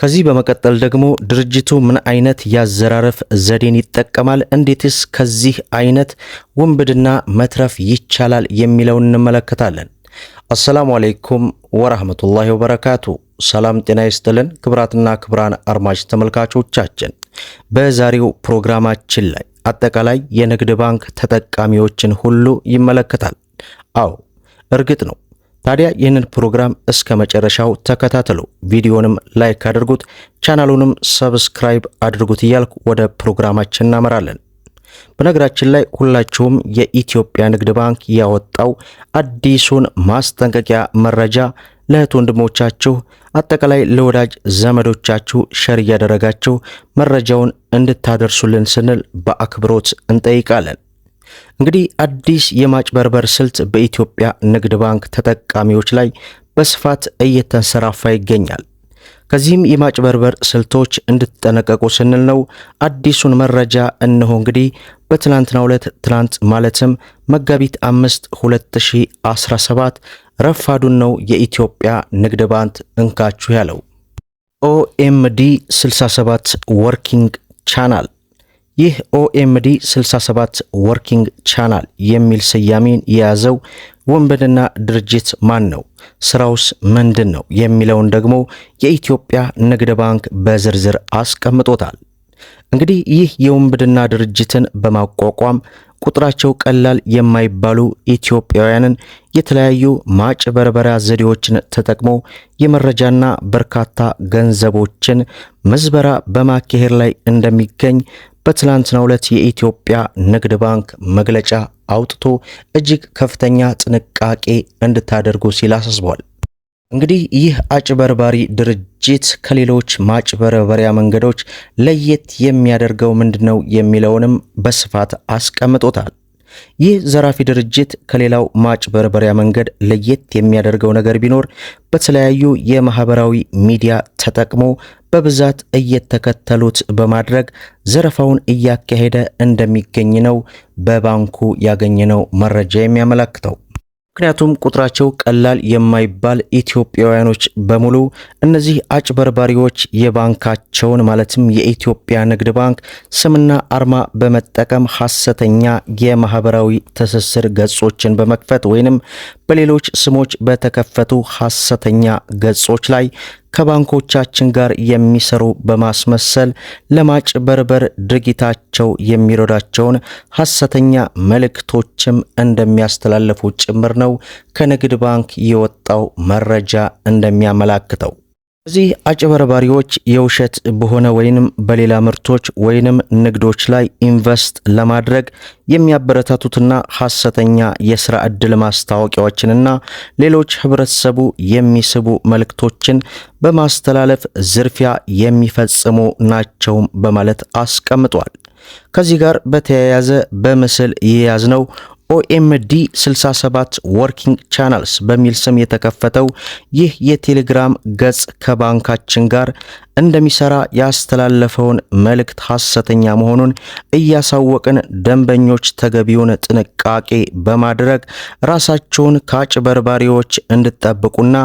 ከዚህ በመቀጠል ደግሞ ድርጅቱ ምን አይነት ያዘራረፍ ዘዴን ይጠቀማል፣ እንዴትስ ከዚህ አይነት ውንብድና መትረፍ ይቻላል የሚለውን እንመለከታለን። አሰላሙ አለይኩም ወራህመቱላሂ ወበረካቱ። ሰላም ጤና ይስጥልን ክብራትና ክብራን አድማጭ ተመልካቾቻችን በዛሬው ፕሮግራማችን ላይ አጠቃላይ የንግድ ባንክ ተጠቃሚዎችን ሁሉ ይመለከታል። አዎ እርግጥ ነው ታዲያ ይህንን ፕሮግራም እስከ መጨረሻው ተከታተሉ። ቪዲዮንም ላይክ አድርጉት፣ ቻናሉንም ሰብስክራይብ አድርጉት እያልኩ ወደ ፕሮግራማችን እናመራለን። በነገራችን ላይ ሁላችሁም የኢትዮጵያ ንግድ ባንክ ያወጣው አዲሱን ማስጠንቀቂያ መረጃ ለእህት ወንድሞቻችሁ አጠቃላይ ለወዳጅ ዘመዶቻችሁ ሸር እያደረጋችሁ መረጃውን እንድታደርሱልን ስንል በአክብሮት እንጠይቃለን። እንግዲህ አዲስ የማጭበርበር ስልት በኢትዮጵያ ንግድ ባንክ ተጠቃሚዎች ላይ በስፋት እየተንሰራፋ ይገኛል። ከዚህም የማጭበርበር ስልቶች እንድትጠነቀቁ ስንል ነው አዲሱን መረጃ እነሆ። እንግዲህ በትናንትናው ዕለት ትናንት ማለትም መጋቢት አምስት 2017 ረፋዱን ነው የኢትዮጵያ ንግድ ባንክ እንካችሁ ያለው ኦኤምዲ 67 ወርኪንግ ቻናል ይህ ኦኤምዲ 67 ወርኪንግ ቻናል የሚል ስያሜን የያዘው ወንበድና ድርጅት ማን ነው? ስራውስ ምንድን ነው? የሚለውን ደግሞ የኢትዮጵያ ንግድ ባንክ በዝርዝር አስቀምጦታል። እንግዲህ ይህ የውንብድና ድርጅትን በማቋቋም ቁጥራቸው ቀላል የማይባሉ ኢትዮጵያውያንን የተለያዩ ማጭበርበሪያ ዘዴዎችን ተጠቅሞ የመረጃና በርካታ ገንዘቦችን ምዝበራ በማካሄድ ላይ እንደሚገኝ በትላንትና ዕለት የኢትዮጵያ ንግድ ባንክ መግለጫ አውጥቶ እጅግ ከፍተኛ ጥንቃቄ እንድታደርጉ ሲል አሳስቧል። እንግዲህ ይህ አጭበርባሪ ድርጅት ከሌሎች ማጭበርበሪያ መንገዶች ለየት የሚያደርገው ምንድነው የሚለውንም በስፋት አስቀምጦታል። ይህ ዘራፊ ድርጅት ከሌላው ማጭበርበሪያ መንገድ ለየት የሚያደርገው ነገር ቢኖር በተለያዩ የማህበራዊ ሚዲያ ተጠቅሞ በብዛት እየተከተሉት በማድረግ ዘረፋውን እያካሄደ እንደሚገኝ ነው በባንኩ ያገኘነው መረጃ የሚያመለክተው። ምክንያቱም ቁጥራቸው ቀላል የማይባል ኢትዮጵያውያኖች በሙሉ እነዚህ አጭበርባሪዎች የባንካቸውን ማለትም የኢትዮጵያ ንግድ ባንክ ስምና አርማ በመጠቀም ሐሰተኛ የማህበራዊ ትስስር ገጾችን በመክፈት ወይንም በሌሎች ስሞች በተከፈቱ ሐሰተኛ ገጾች ላይ ከባንኮቻችን ጋር የሚሰሩ በማስመሰል ለማጭበርበር ድርጊታቸው የሚረዳቸውን ሐሰተኛ መልእክቶችም እንደሚያስተላልፉ ጭምር ነው ከንግድ ባንክ የወጣው መረጃ እንደሚያመላክተው። እዚህ አጭበርባሪዎች የውሸት በሆነ ወይንም በሌላ ምርቶች ወይንም ንግዶች ላይ ኢንቨስት ለማድረግ የሚያበረታቱትና ሐሰተኛ የስራ ዕድል ማስታወቂያዎችንና ሌሎች ህብረተሰቡ የሚስቡ መልእክቶችን በማስተላለፍ ዝርፊያ የሚፈጽሙ ናቸውም በማለት አስቀምጧል። ከዚህ ጋር በተያያዘ በምስል የያዝነው ኦኤምዲ 67 ወርኪንግ ቻናልስ በሚል ስም የተከፈተው ይህ የቴሌግራም ገጽ ከባንካችን ጋር እንደሚሰራ ያስተላለፈውን መልእክት ሐሰተኛ መሆኑን እያሳወቅን ደንበኞች ተገቢውን ጥንቃቄ በማድረግ ራሳቸውን ከአጭበርባሪዎች እንድጠብቁና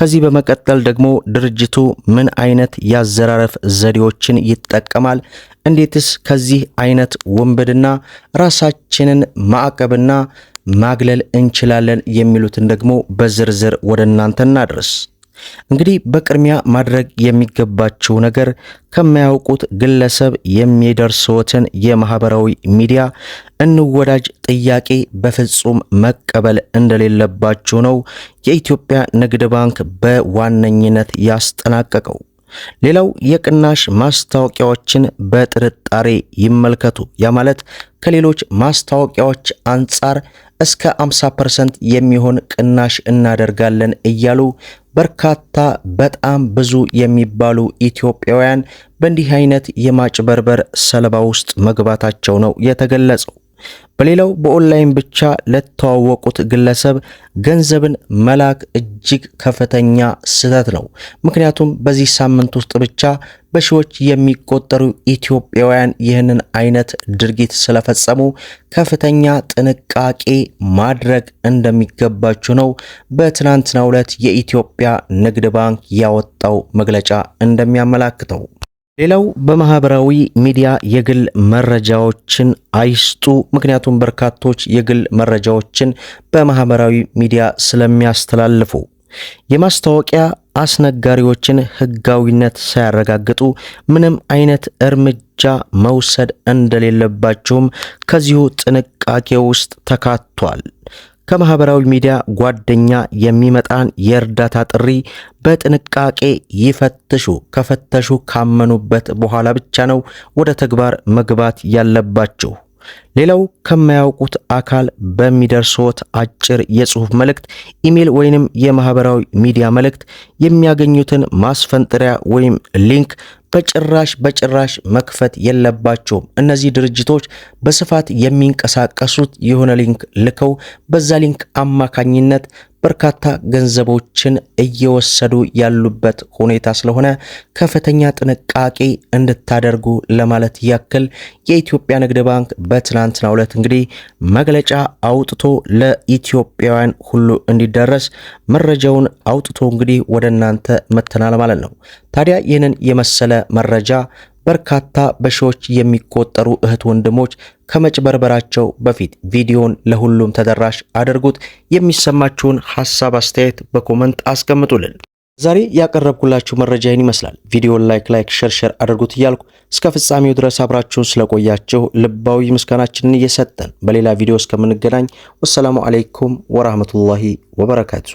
ከዚህ በመቀጠል ደግሞ ድርጅቱ ምን አይነት የአዘራረፍ ዘዴዎችን ይጠቀማል፣ እንዴትስ ከዚህ አይነት ውንብድና ራሳችንን ማዕቀብና ማግለል እንችላለን የሚሉትን ደግሞ በዝርዝር ወደ እናንተ እናድርስ። እንግዲህ በቅድሚያ ማድረግ የሚገባችው ነገር ከማያውቁት ግለሰብ የሚደርስዎትን የማህበራዊ ሚዲያ እንወዳጅ ጥያቄ በፍጹም መቀበል እንደሌለባችሁ ነው የኢትዮጵያ ንግድ ባንክ በዋነኝነት ያስጠናቀቀው። ሌላው የቅናሽ ማስታወቂያዎችን በጥርጣሬ ይመልከቱ። ያ ማለት ከሌሎች ማስታወቂያዎች አንጻር እስከ 50% የሚሆን ቅናሽ እናደርጋለን እያሉ በርካታ በጣም ብዙ የሚባሉ ኢትዮጵያውያን በእንዲህ አይነት የማጭበርበር ሰለባ ውስጥ መግባታቸው ነው የተገለጸው። በሌላው በኦንላይን ብቻ ለተዋወቁት ግለሰብ ገንዘብን መላክ እጅግ ከፍተኛ ስህተት ነው። ምክንያቱም በዚህ ሳምንት ውስጥ ብቻ በሺዎች የሚቆጠሩ ኢትዮጵያውያን ይህንን አይነት ድርጊት ስለፈጸሙ ከፍተኛ ጥንቃቄ ማድረግ እንደሚገባችሁ ነው በትናንትናው ዕለት የኢትዮጵያ ንግድ ባንክ ያወጣው መግለጫ እንደሚያመላክተው። ሌላው በማህበራዊ ሚዲያ የግል መረጃዎችን አይስጡ። ምክንያቱም በርካቶች የግል መረጃዎችን በማህበራዊ ሚዲያ ስለሚያስተላልፉ የማስታወቂያ አስነጋሪዎችን ሕጋዊነት ሳያረጋግጡ ምንም አይነት እርምጃ መውሰድ እንደሌለባቸውም ከዚሁ ጥንቃቄ ውስጥ ተካቷል። ከማህበራዊ ሚዲያ ጓደኛ የሚመጣን የእርዳታ ጥሪ በጥንቃቄ ይፈትሹ። ከፈተሹ ካመኑበት በኋላ ብቻ ነው ወደ ተግባር መግባት ያለባችሁ። ሌላው ከማያውቁት አካል በሚደርስዎት አጭር የጽሑፍ መልእክት፣ ኢሜል ወይንም የማህበራዊ ሚዲያ መልእክት የሚያገኙትን ማስፈንጠሪያ ወይም ሊንክ በጭራሽ በጭራሽ መክፈት የለባቸውም። እነዚህ ድርጅቶች በስፋት የሚንቀሳቀሱት የሆነ ሊንክ ልከው በዛ ሊንክ አማካኝነት በርካታ ገንዘቦችን እየወሰዱ ያሉበት ሁኔታ ስለሆነ ከፍተኛ ጥንቃቄ እንድታደርጉ ለማለት ያክል የኢትዮጵያ ንግድ ባንክ በትናንትናው ዕለት እንግዲህ መግለጫ አውጥቶ ለኢትዮጵያውያን ሁሉ እንዲደረስ መረጃውን አውጥቶ እንግዲህ ወደ እናንተ መተናል ማለት ነው። ታዲያ ይህንን የመሰለ መረጃ በርካታ በሺዎች የሚቆጠሩ እህት ወንድሞች ከመጭበርበራቸው በፊት ቪዲዮን ለሁሉም ተደራሽ አድርጉት። የሚሰማችሁን ሀሳብ አስተያየት በኮመንት አስቀምጡልን። ዛሬ ያቀረብኩላችሁ መረጃ ይህን ይመስላል። ቪዲዮን ላይክ ላይክ ሸር ሸር አድርጉት እያልኩ እስከ ፍጻሜው ድረስ አብራችሁን ስለቆያችሁ ልባዊ ምስጋናችንን እየሰጠን በሌላ ቪዲዮ እስከምንገናኝ ወሰላሙ አሌይኩም ወራህመቱላሂ ወበረካቱ።